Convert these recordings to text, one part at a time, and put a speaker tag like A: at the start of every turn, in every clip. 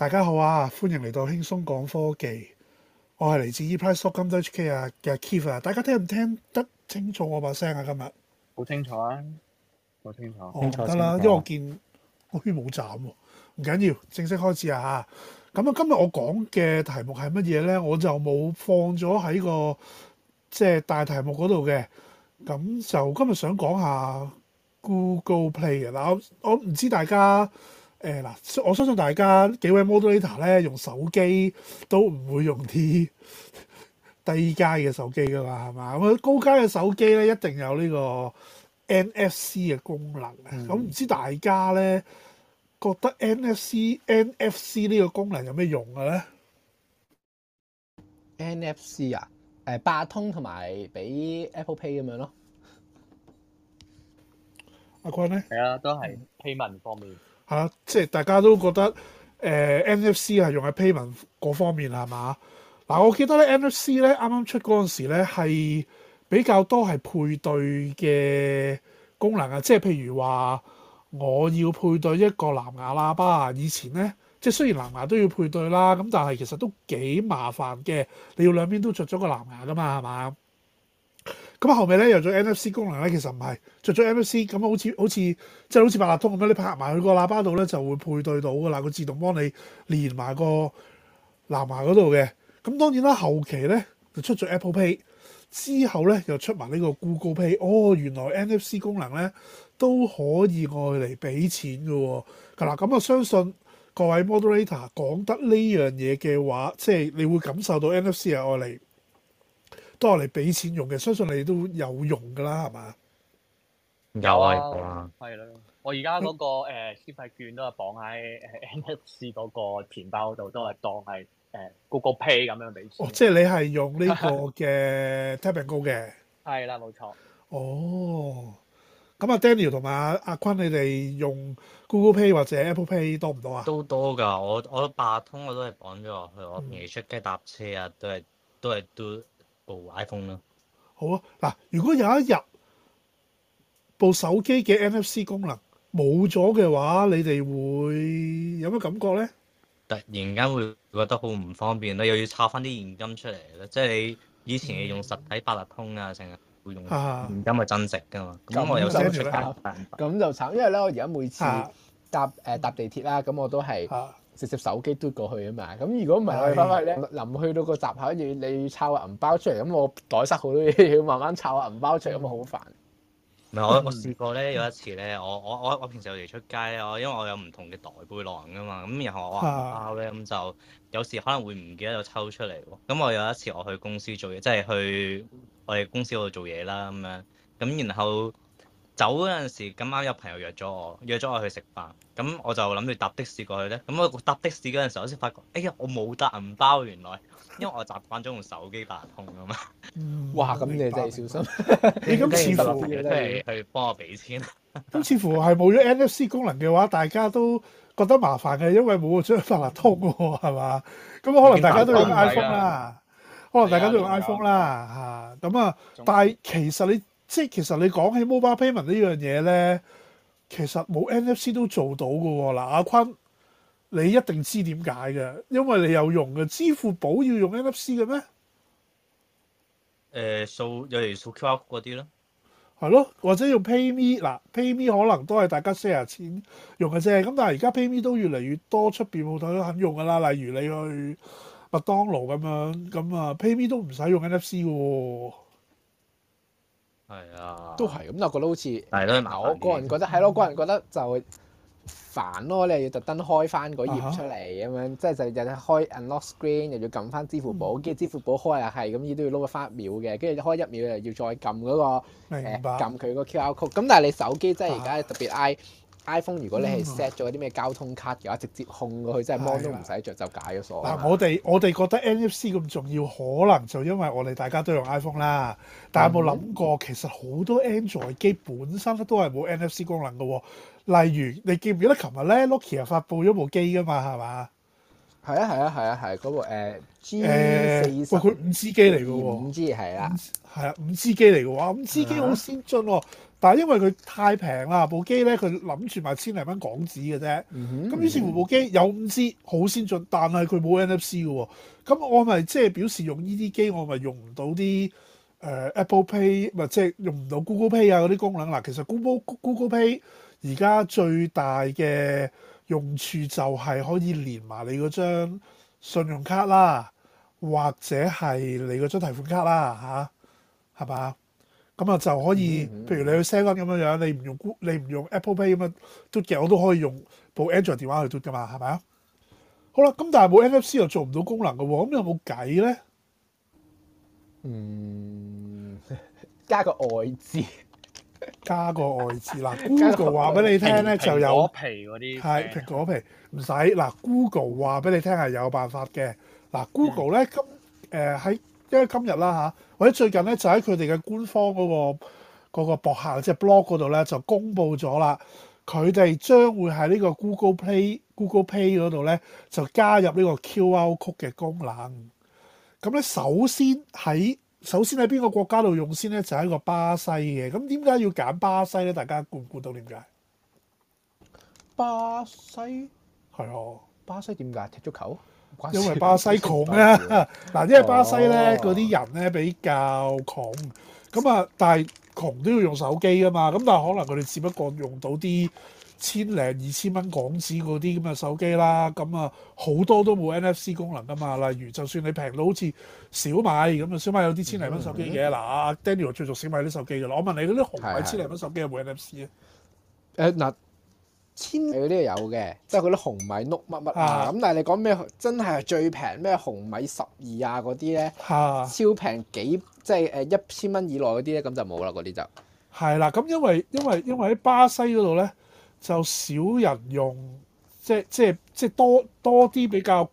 A: 大家好啊，歡迎嚟到輕鬆講科技，我係嚟自 Eprice Stock Exchange HK 啊嘅 Kev 啊，大家聽唔聽得清楚我把聲啊今日？好清楚啊，
B: 好清楚，得啦，因為我
A: 見我啲冇站喎，唔緊要，正式開始啊吓。咁、嗯、啊，今日我講嘅題目係乜嘢呢？我就冇放咗喺個即係大題目嗰度嘅，咁、嗯、就今日想講下 Google Pay 嘅、嗯、嗱，我唔知大家。誒嗱，我相信大家幾位 moderator 咧，用手機都唔會用啲低階嘅手機㗎嘛，係嘛？咁高階嘅手機咧，一定有呢個 NFC 嘅功能。咁唔、嗯、知大家咧覺得 NFC、NFC 呢個功能有咩用嘅咧
C: ？NFC 啊，誒、呃，八通同埋俾 Apple Pay 咁樣咯。
A: 阿坤咧？
B: 係啊，都係 payment 方面。
A: 係啦，即係大家都覺得誒、呃、NFC 係用喺 payment 嗰方面係嘛？嗱、啊，我記得咧 NFC 咧啱啱出嗰陣時咧係比較多係配對嘅功能啊，即係譬如話我要配對一個藍牙喇叭，以前咧即係雖然藍牙都要配對啦，咁但係其實都幾麻煩嘅，你要兩邊都着咗個藍牙㗎嘛係嘛？咁後尾咧有咗 NFC 功能咧，其實唔係，着咗 NFC 咁好似好似即係好似八達通咁樣，你拍埋去個喇叭度咧就會配對到噶啦，佢自動幫你連埋個藍牙嗰度嘅。咁當然啦，後期咧就出咗 Apple Pay，之後咧又出埋呢個 Google Pay。哦，原來 NFC 功能咧都可以愛嚟俾錢嘅㗎啦。咁、嗯、啊、嗯嗯，相信各位 moderator 講得呢樣嘢嘅話，即係你會感受到 NFC 係愛嚟。都係你俾錢用嘅，相信你都有用噶啦，係嘛？
B: 有啊，係咯。我而家嗰個消費券都係綁喺 NFC 嗰個錢包度，都係當係誒 Google Pay 咁樣俾錢。
A: 哦，即係你係用呢個嘅 Tap and Go 嘅。
D: 係啦，冇錯。
A: 哦，咁啊，Daniel 同埋阿坤，你哋用 Google Pay 或者 Apple Pay 多唔多啊？都
D: 多噶，我我八達通我都係綁咗落去，我平時出街搭車啊，都係都係都。部 iPhone 咯，
A: 好啊！嗱，如果有一日部手機嘅 NFC 功能冇咗嘅話，你哋會有乜感覺咧？
D: 突然間會覺得好唔方便啦，又要插翻啲現金出嚟啦。即係你以前係用實體八達通啊，成日會用現金去增值㗎嘛。咁我有少少出格。
C: 咁就慘，因為咧我而家每次搭誒搭地鐵啦，咁我都係。直接手機嘟過去啊嘛，咁如果唔係翻翻咧，臨去的到個閘口，你要你摷銀包出嚟，咁我袋塞好多嘢，要慢慢摷銀包出嚟。咁咪好煩。
D: 唔係我我試過咧，有一次咧，我我我我平時有時出街咧，我因為我有唔同嘅袋背囊噶嘛，咁然後我掛包咧，咁就有時可能會唔記得有抽出嚟喎。咁我有一次我去公司做嘢，即係去我哋公司嗰度做嘢啦，咁樣咁然後。走嗰陣時，咁啱有朋友約咗我，約咗我去食飯，咁我就諗住搭的士過去咧。咁我搭的士嗰陣時，我先發覺，哎呀，我冇帶銀包原來，因為我習慣咗用手機八達通啊嘛。 哇，咁你真係小心。 你咁似次乎即係幫我俾錢。
A: 咁似乎係冇咗 NFC 功能嘅話，大家都覺得麻煩嘅，因為冇咗張八達通喎，係嘛？咁可能大家都用 iPhone 啦，可能大家都用 iPhone 啦，嚇。咁啊，但係其實你。即係其實你講起 mobile payment 呢樣嘢咧，其實冇 NFC 都做到嘅喎、哦。嗱，阿坤，你一定知點解嘅，因為你有用嘅。支付寶要用 NFC 嘅咩？
D: 誒、呃，掃又係掃 QR 嗰啲咯，
A: 係咯，或者用 PayMe 嗱，PayMe 可能都係大家 set 下錢用嘅啫。咁但係而家 PayMe 都越嚟越多出邊鋪頭都肯用嘅啦。例如你去麥當勞咁樣咁啊，PayMe 都唔使用，用 NFC 嘅喎、哦。
D: 係啊，
C: 都係咁又覺得好似，咯。嗱、嗯，我個人覺得係咯，個人覺得就煩咯，你係要特登開翻嗰頁出嚟咁、啊、哈樣，即係就日日開 unlock screen，又要撳翻支付寶，跟住支付寶開又係咁，依都要撈翻一秒嘅，跟住開一秒又要再撳嗰、嗰個撳佢個 QR code，咁但係你手機即係而家特別 I。啊 iPhone 如果你係 set 咗啲咩交通卡嘅話，直接控過佢真係 mon 都唔使着就解咗鎖。嗱，我
A: 哋我哋覺得 NFC 咁重要，可能就因為我哋大家都用 iPhone 啦。但有冇諗過，的其實好多 Android 機本身都係冇 NFC 功能嘅喎、哦。例如你記唔記得琴日咧，Nokia 又發布咗部機㗎嘛，係嘛？係啊係啊係啊係嗰部 G 四十，喂佢五 G 機嚟嘅喎，五 G 係啦，係啊五 G 機嚟嘅喎，五 G 機好先進喎，但係因為佢太平啦，部機咧佢諗住賣千零蚊港紙嘅啫，咁於是乎部機有五 G 好先進，但係佢冇 NFC 嘅喎，咁我咪即係表示用呢啲機我咪用唔到啲誒 Apple Pay，唔係即係用唔到 Google Pay 啊嗰啲功能嗱、呃，其實 Google Google Pay 而家最大嘅。用處就係可以連埋你嗰張信用卡啦，或者係你嗰張提款卡啦嚇，係啊嘛？咁啊就，就可以，嗯、譬如你去 Segway 咁樣樣，你唔用你唔用 Apple Pay 咁啊，都嘅我都可以用部 Android 電話去嘟㗎嘛，係咪啊？好啦，咁但係冇 NFC 又做唔到功能㗎喎，咁有冇計咧？嗯，加個外字。加個外置嗱，Google 話俾你聽咧，皮皮就有蘋果皮，嗰啲係蘋果皮唔使嗱。Google 話俾你聽係有辦法嘅嗱。Google 咧今誒喺因為今日啦嚇，或者最近咧就喺佢哋嘅官方嗰、那個那個博客即係 blog 嗰度咧就公布咗啦，佢哋將會喺呢個 Go Play, Google Play Google p a y 嗰度咧就加入呢個 Q R 曲嘅功能。咁咧首先喺首先喺邊個國家度用先呢？就喺個巴西嘅。咁點解要揀巴西呢？大家估唔估到點解？巴西係咯，的巴西點解踢足球？因為巴西窮啦、啊。嗱， 因為巴西呢，嗰啲人呢比較窮，咁啊、哦，但係窮都要用手機噶嘛。咁但係可能佢哋只不過用到啲，千零二千蚊港紙嗰啲咁嘅手機啦，咁啊好多都冇 NFC 功能噶嘛。例如，就算你平到好似小米咁啊，小米有啲千零蚊手機嘅嗱啊，Daniel 最熟小米啲手機噶啦。我問你嗰啲紅米千零蚊手機有冇 NFC 啊？誒嗱、
C: 啊，千嗰啲有嘅，即係嗰啲紅米碌乜乜啊咁。但係你講咩真係最平咩紅米十二啊嗰啲咧，超平幾即係誒一千蚊以內嗰啲咧，咁就冇啦嗰啲就
A: 係啦。咁因為因為因為喺巴西嗰度咧，就少人用，即即即多多啲比較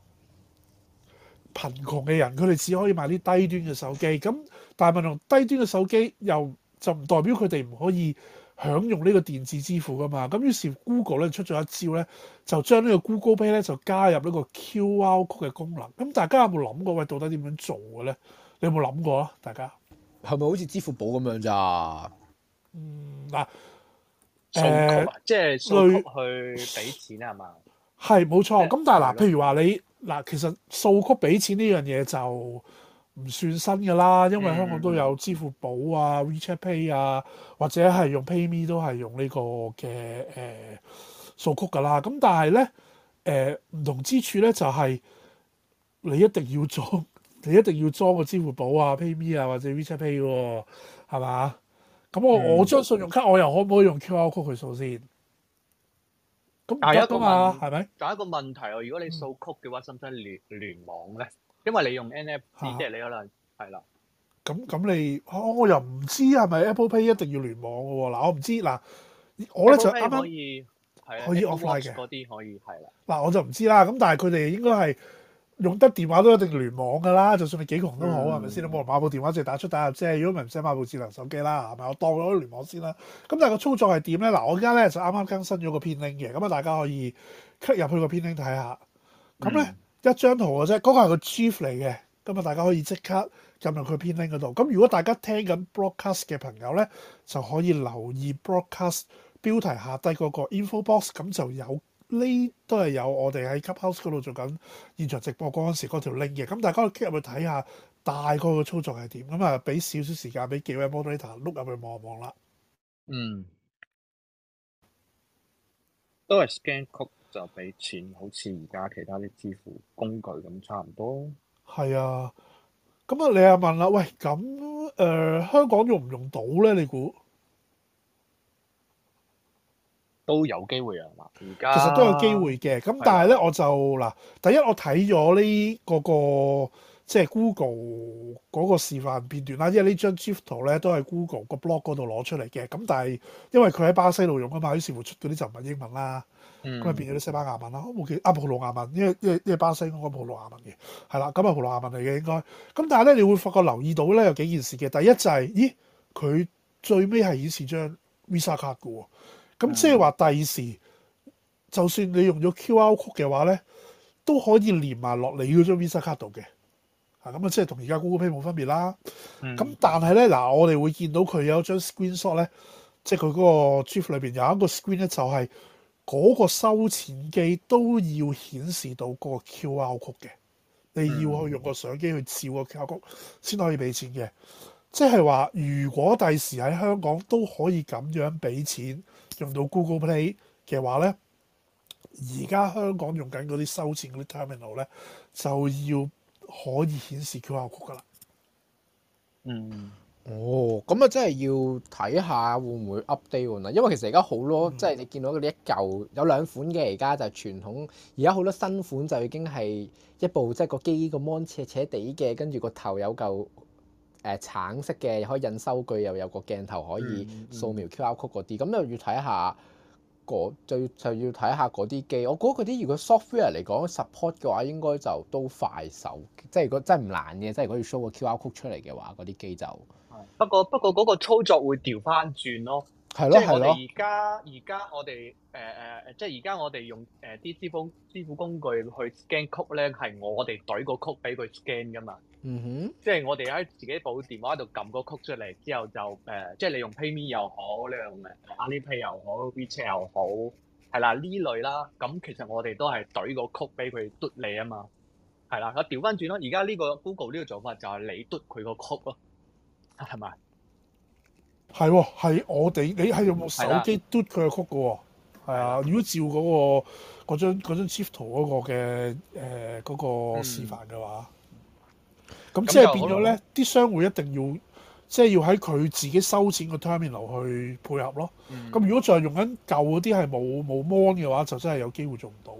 A: 貧窮嘅人，佢哋只可以買啲低端嘅手機。咁但係問題係低端嘅手機又就唔代表佢哋唔可以享用呢個電子支付㗎嘛。咁於是 Google 咧出咗一招咧，就將呢個 Google Pay 咧就加入呢個 QR code 嘅功能。咁大家有冇諗過喂，到底點樣做嘅咧？你有冇諗過啊？大家係咪好似支付寶咁樣咋？嗯嗱。啊。誒，呃、類即係掃
B: Code 俾錢啊，係嘛？
A: 係冇錯，咁、 嗯、但係嗱，譬如話你嗱，其實掃 Code 俾錢呢樣嘢就唔算新噶啦，因為香港都有支付寶啊、WeChat、嗯、Pay 啊，或者係用 PayMe 都係用個、呃、呢個嘅誒掃 Code 噶啦。咁但係咧，誒唔同之處咧就係、是、你一定要裝，你一定要裝個支付寶啊、PayMe 啊或者 WeChat Pay 喎、啊，係嘛？咁、嗯、我我張信用卡我又可唔可以用 QR code 去掃先？咁第一個問係咪？
B: 第吧一個問題喎，如果你掃 code 嘅話，使唔使聯聯網咧？因為你用 NFC，即係你可能係啦。
A: 咁咁你、哦、我又唔知係咪 Apple Pay 一定要聯網嘅喎？嗱，我唔知嗱，我咧就 Apple 啱 Pay
B: 啱
A: 可以可以 offline 嘅嗰
B: 啲可以係
A: 啦。嗱，我就唔知啦。咁但係佢哋應該係。用得電話都一定聯網㗎啦，就算你幾窮都好，係咪先？冇人買部電話淨係打出打入啫。如果唔係唔使買部智能手機啦，係咪？我當咗聯網先啦。咁但係個操作係點咧？嗱，我而家咧就啱啱更新咗個 pin link 嘅，咁啊大家可以 cut 入去個 pin link 睇下。咁咧、嗯、一張圖嘅啫，嗰、那個係個 GIF 嚟嘅，咁啊大家可以即刻撳入去 pin link 嗰度。咁如果大家聽緊 broadcast 嘅朋友咧，就可以留意 broadcast 標題下低嗰個 info box，咁就有。呢都係有我哋喺 Clubhouse 嗰度做緊現場直播嗰陣時，嗰條 link 嘅，咁大家可以入去睇下大概嘅操作係點，咁啊俾少少時間俾幾位 moderator 碌入去望一望啦。嗯，
B: 都係 scan code 就俾錢，好似而家其他啲支付工具咁差唔多。
A: 係啊，咁啊你又問啦，喂咁誒、呃、香港用唔用到咧？你估？
B: 都有機會啊，而家其實都有機會嘅。咁但係
A: 咧，我就嗱，第一，我睇咗呢個個即係 Google 嗰個示範片段啦。因為呢張 GIF 圖咧都係 Google 個 blog 嗰度攞出嚟嘅。咁但係因為佢喺巴西度用啊嘛，於是乎出嗰啲就唔係英文啦。咁變咗啲西班牙文啦，冇記葡萄牙文，因為因為因為巴西嗰個葡萄牙文嘅係啦，咁葡萄牙文嚟嘅應該咁，但係咧你會發覺留意到咧有幾件事嘅。第一就係咦，佢最尾係顯示張 Visa 卡嘅喎。咁、嗯、即係話，第二時就算你用咗 QR code 嘅話咧，都可以連埋落嚟嗰張 Visa 卡度嘅。啊，咁啊，即係同而家 Google Pay 冇分別啦。咁、嗯、但係咧，嗱，我哋會見到佢有一張 screen shot 咧，即係佢嗰個 GIF 裏邊有一個 screen 咧，就係嗰個收錢機都要顯示到嗰個 QR code 嘅。嗯、你要去用個相機去照個 QR code 先可以俾錢嘅。即係話，如果第時喺香港都可以咁樣俾錢用到 Google Pay 嘅話咧，而家香港用緊嗰啲收錢啲 terminal 咧，就要可以顯示 QR Code 噶啦。嗯，哦，咁
C: 啊，真係要睇下會唔會 update 喎？因為其實而家好多，嗯、即係你見到嗰啲一舊有兩款嘅，而家就傳統，而家好多新款就已經係一部即係、就是、個機個 mon 斜斜地嘅，跟住個頭有嚿。誒、呃、橙色嘅可以印收據，又有個鏡頭可以掃描 QR code 嗰啲，咁、嗯嗯、又要睇下嗰就要睇下啲機。我覺得嗰啲如果 software 嚟講 support 嘅話，應該就都快手。即係如果真係唔難嘅，即係可以 show 個 QR code 出嚟嘅話，嗰啲機就
B: 是不過不過嗰個操作會調翻轉咯。即係我哋而家而家我哋誒誒即係而家我哋用誒啲支付支付工具去 scan 曲咧，係我哋隊個曲俾佢 scan 噶嘛。嗯哼、
A: mm。Hmm.
B: 即係我哋喺自己部電話喺度撳個曲出嚟之後就誒、呃，即係你用 PayMe 又好，你用 AliPay 又好，WeChat 又好，係啦，呢類啦。咁、嗯、其實我哋都係隊個曲俾佢嘟你啊嘛。係啦，我調翻轉咯。而家呢個 Google 呢個做法就係你嘟佢個曲咯，係咪？
A: 係喎，係我哋你係用手機嘟佢嘅曲嘅喎，係啊的。如果照嗰、嗰個嗰張 sheet 圖嗰個嘅誒嗰個示範嘅話，咁、嗯、即係變咗咧，啲、嗯、商戶一定要即係要喺佢自己收錢嘅 terminal 去配合咯。咁、嗯、如果再用緊舊嗰啲係冇冇 mon 嘅話，就真係有機會做唔
B: 到。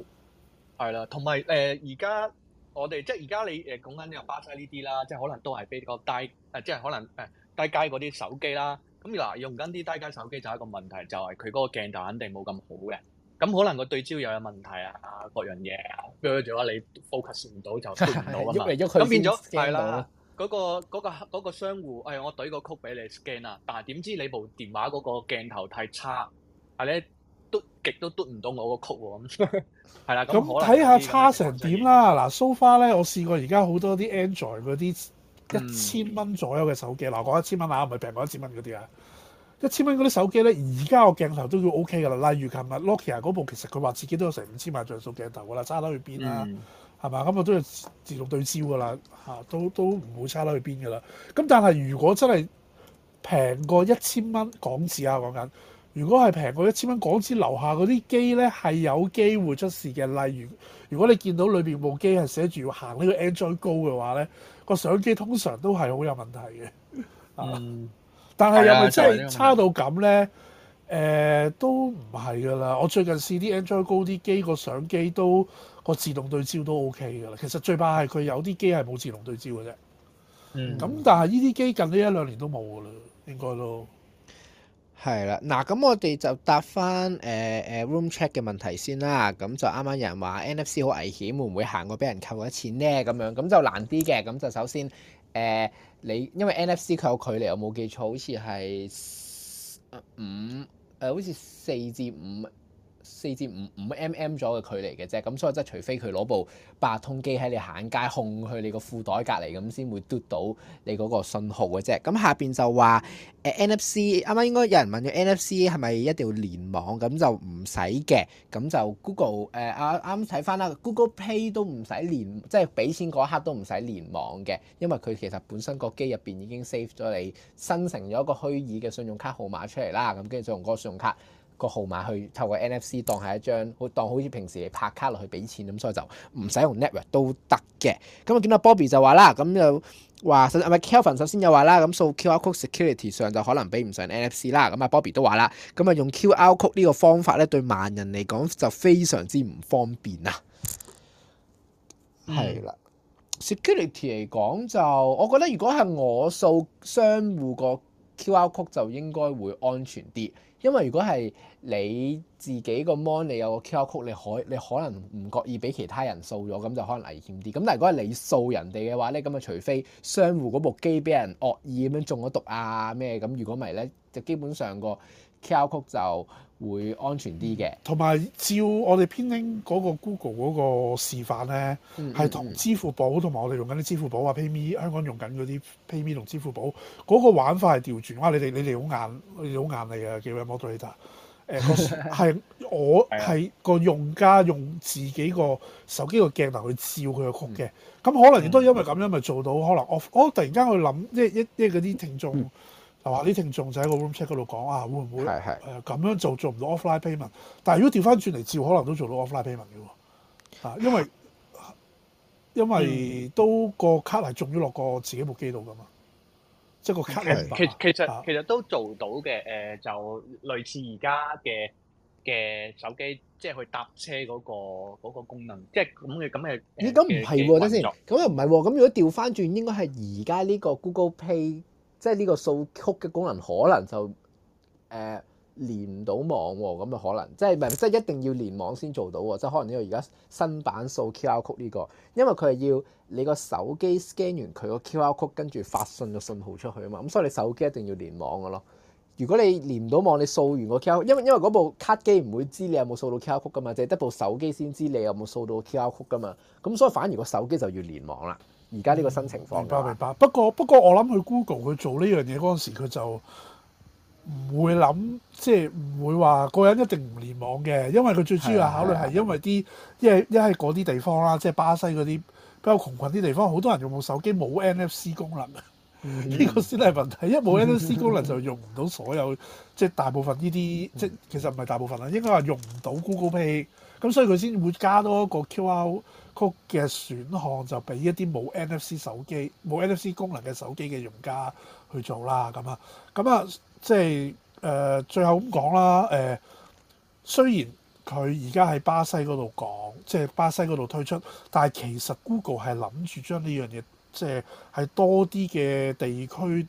B: 係啦，同埋誒而家我哋即係而家你誒講緊有巴西呢啲啦，即係可能都係比較低誒，即係可能誒低階嗰啲手機啦。咁嗱，用緊啲低階手機就係一個問題，就係佢嗰個鏡頭肯定冇咁好嘅。咁可能個對焦又有問題啊，各樣嘢。跟住咧，你 focus 唔到就 scan 唔到啊嘛。咁變咗係啦，嗰個嗰個商戶，哎我對個曲俾你 scan 啊，但係點知你部電話嗰個鏡頭太差，係、啊、咧都極都嘟唔到我個曲喎。咁係啦，咁、嗯、睇、 嗯、下
A: 差成點啦。嗱，so far 咧，我試過而家好多啲 Android 嗰啲。一千蚊左右嘅手機，嗱，講一千蚊啊，唔係平過一千蚊嗰啲啊。一千蚊嗰啲手機咧，而家個鏡頭都要 O K 嘅啦。例如琴日 Locky 啊嗰部，其實佢話自己都有成五千萬像素鏡頭嘅啦，差得去邊啊？係嘛、嗯？咁啊，都要自動對焦嘅啦，嚇、啊、都都唔會差得去邊嘅啦。咁但係如果真係平過一千蚊港紙啊，講緊如果係平過一千蚊港紙樓下嗰啲機咧，係有機會出事嘅。例如如果你見到裏邊部機係寫住要行呢個 Android Go 嘅話咧。個相機通常都係好有問題嘅、 嗯，有有啊！
D: 但係又咪真係差
A: 到咁呢？誒、呃，都唔係㗎啦。我最近試啲 Android 高啲機，個相機都個自動對焦都 OK 㗎啦。其實最怕係佢有啲機係冇自動對焦嘅啫。咁、嗯、但係呢啲機近呢一兩年都冇㗎啦，應該都。
C: 係啦，嗱，咁我哋就答翻誒誒 room check 嘅問題先啦，咁就啱啱有人話 NFC 好危險，會唔會行過俾人扣咗錢咧？咁樣咁就難啲嘅，咁就首先誒、呃、你因為 NFC 佢有距離，我冇記錯，好似係五誒、呃，好似四至五。四至五五 mm 咗嘅距離嘅啫，咁所以即係除非佢攞部八通機喺你行街，控去你個褲袋隔離咁，先會嘟到你嗰個信號嘅啫。咁下邊就話誒 NFC，啱啱應該有人問嘅 NFC 係咪一定要連網？咁就唔使嘅，咁就 Google、呃、啱啱 Google 誒啱啱睇翻啦，Google Pay 都唔使連，即係俾錢嗰刻都唔使連網嘅，因為佢其實本身個機入邊已經 save 咗你生成咗一個虛擬嘅信用卡號碼出嚟啦，咁跟住就用個信用卡。個號碼去透過 NFC 當係一張，當好似平時你拍卡落去俾錢咁，所以就唔使用，用 network 都得嘅。咁我見到 Bobby 就話啦，咁又話係咪 Kelvin 首先又話啦，咁掃 QR code security 上就可能比唔上 NFC 啦。咁阿 Bobby 都話啦，咁啊用 QR code 呢個方法咧，對盲人嚟講就非常之唔方便啊。係啦，嗯，security 嚟講就我覺得，如果係我掃商戶個。QR code 就應該會安全啲，因為如果係你自己個 mon 你有個 QR code，你可你可能唔覺意俾其他人掃咗，咁就可能危險啲。咁但係如果係你掃人哋嘅話咧，咁啊除非商戶嗰部機俾人惡意咁樣中咗毒啊咩，咁如果唔係咧就基本上個。QR 曲就會安全啲嘅，
A: 同埋照我哋編拎嗰個 Google 嗰個示範咧，係同、mm hmm. 支付寶同埋我哋用緊啲支付寶啊 PayMe，香港用緊嗰啲 PayMe 同支付寶嗰、那個玩法係調轉。哇！你哋你哋好眼你哋好眼利啊，幾位 Moderator 誒係、uh, 我係個用家用自己個手機個鏡頭去照佢個曲嘅，咁、mm hmm. 可能亦都因為咁樣咪、mm hmm. 做到。可能我我突然間去諗，即係一即係嗰啲聽眾。Mm hmm. 話啲聽眾就喺個 Room Chat 嗰度講啊，會唔會誒咁、啊、樣做做唔到 offline payment？但係如果調翻轉嚟照，可能都做到 offline payment 嘅喎。啊，因為因為都個卡係中咗落個自己部機度㗎嘛，即係個卡嚟其其實、啊、其實
B: 都做到嘅，誒、呃、就類似而家嘅嘅手機，即係去搭車嗰、嗰個嗰個功能，即係咁嘅咁嘅。你
C: 咁唔係喎？睇先，咁又唔係喎？咁如果調翻轉，應該係而家呢個 Google Pay。即係呢個掃 QR 嘅功能，可能就誒、呃、連唔到網喎、哦，咁啊可能，即係唔係即係一定要連網先做到喎，即係可能呢個而家新版掃 QR code 呢、個，因為佢係要你個手機 scan 完佢個 QR code，跟住發信個信號出去啊嘛，咁所以你手機一定要連網嘅咯。如果你連唔到網，你掃完個 QR，因為因為嗰部卡機唔會知你有冇掃到 QR code 噶嘛，就係得部手機先知你有冇掃到 QR code 噶嘛，咁所以反而個手機就要連網啦。
A: 而家呢個新情況，明白明白。不過不過我，我諗去 Google 去做呢樣嘢嗰陣時，佢就唔、是、會諗，即係唔會話個人一定唔連網嘅，因為佢最主要考慮係因為啲因係一係嗰啲地方啦，即係巴西嗰啲比較窮困啲地方，好多人用部手機冇 NFC 功能，呢、嗯、 個先係問題。因為冇 NFC 功能就用唔到所有，即係 大部分呢啲，即係其實唔係大部分啦，應該話用唔到 Google Pay。咁所以佢先會加多一個 QR。曲嘅選項就俾一啲冇 NFC 手機、冇 NFC 功能嘅手機嘅用家去做啦，咁啊，咁啊，即係誒、呃，最後咁講啦，誒、呃，雖然佢而家喺巴西嗰度講，即係巴西嗰度推出，但係其實 Google 係諗住將呢樣嘢，即係係多啲嘅地區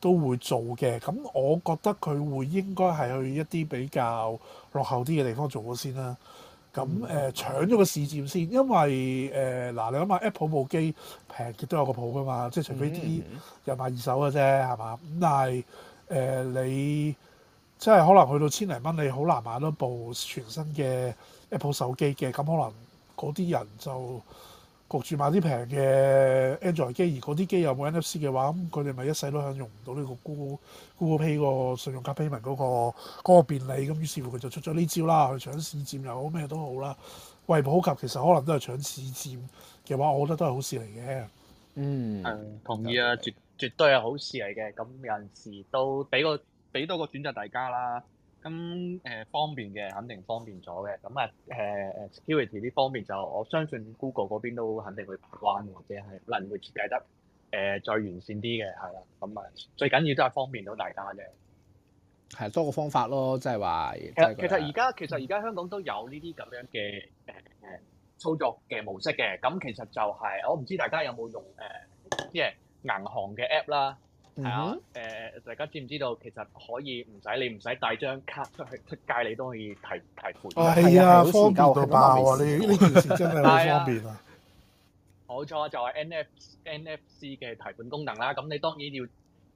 A: 都會做嘅，咁我覺得佢會應該係去一啲比較落後啲嘅地方做咗先啦。咁誒、嗯、搶咗個市佔先，因為誒嗱、呃，你諗下 Apple 部機平極都有個鋪噶嘛，即係除非啲人買二手嘅啫，係嘛？咁但係誒、呃、你即係可能去到千零蚊，你好難買到部全新嘅 Apple 手機嘅，咁可能嗰啲人就～焗住買啲平嘅 Android 機，而嗰啲機又冇 NFC 嘅話，咁佢哋咪一世都享用唔到呢個 Google Google Pay 個信用卡 Payment 嗰個嗰、嗰個便利。咁於是乎佢就出咗呢招啦，去搶市佔又好咩都好啦。為普及其實可能都係搶市佔嘅話，我覺得都係好事嚟嘅。
B: 嗯，同意啊對，絕絕對係好事嚟嘅。咁有陣時都俾個俾多個選擇大家啦。咁誒、呃、方便嘅，肯定方便咗嘅。咁啊誒誒 security 呢方面就我相信 Google 嗰邊都肯定會把關或者係可能會設計得誒再、呃、完善啲嘅，係啦。咁啊最緊要都係方便到大家啫。
C: 係多個方法咯，即係話其實而家
B: 其實而家香港都有呢啲咁樣嘅誒、呃、操作嘅模式嘅。咁其實就係、是、我唔知大家有冇用即係銀行嘅 app 啦。係啊，誒、呃，大家知唔知道其實可以唔使你唔使帶張卡出去出街，你都可以提提款。係、哦、啊，啊方便到交啊爆啊！呢呢
A: 件事真係好、 啊、方便啊！
B: 冇錯，就係 N F N F C 嘅提款功能啦。咁你當然要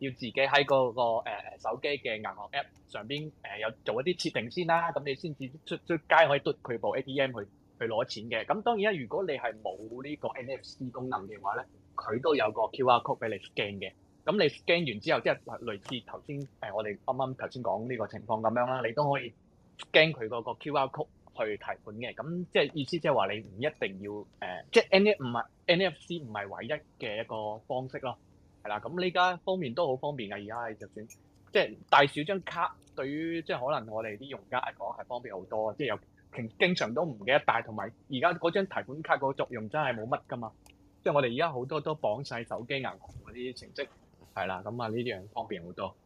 B: 要自己喺、那個個、呃、手機嘅銀行 App 上邊誒有做一啲設定先啦。咁你先至出出街可以嘟佢部 A T M 去去攞錢嘅。咁當然啦、啊，如果你係冇呢個 N F C 功能嘅話咧，佢都有個 Q R code 俾你 scan 嘅。咁你 scan 完之後，即係類似頭先誒，我哋啱啱頭先講呢個情況咁樣啦，你都可以 scan 佢嗰個 QR Code 去提款嘅。咁即係意思即係話你唔一定要誒、呃，即係 N 唔係 N F C 唔係唯一嘅一個方式咯。係啦，咁呢家方面都好方便嘅。而家就算即係帶少張卡對於，對於即係可能我哋啲用家嚟講係方便好多，即係有經常都唔記得帶。同埋而家嗰張提款卡嗰個作用真係冇乜噶嘛。即係我哋而家好多都綁晒手機銀行嗰啲程式。係啦，咁啊呢啲樣方便好多。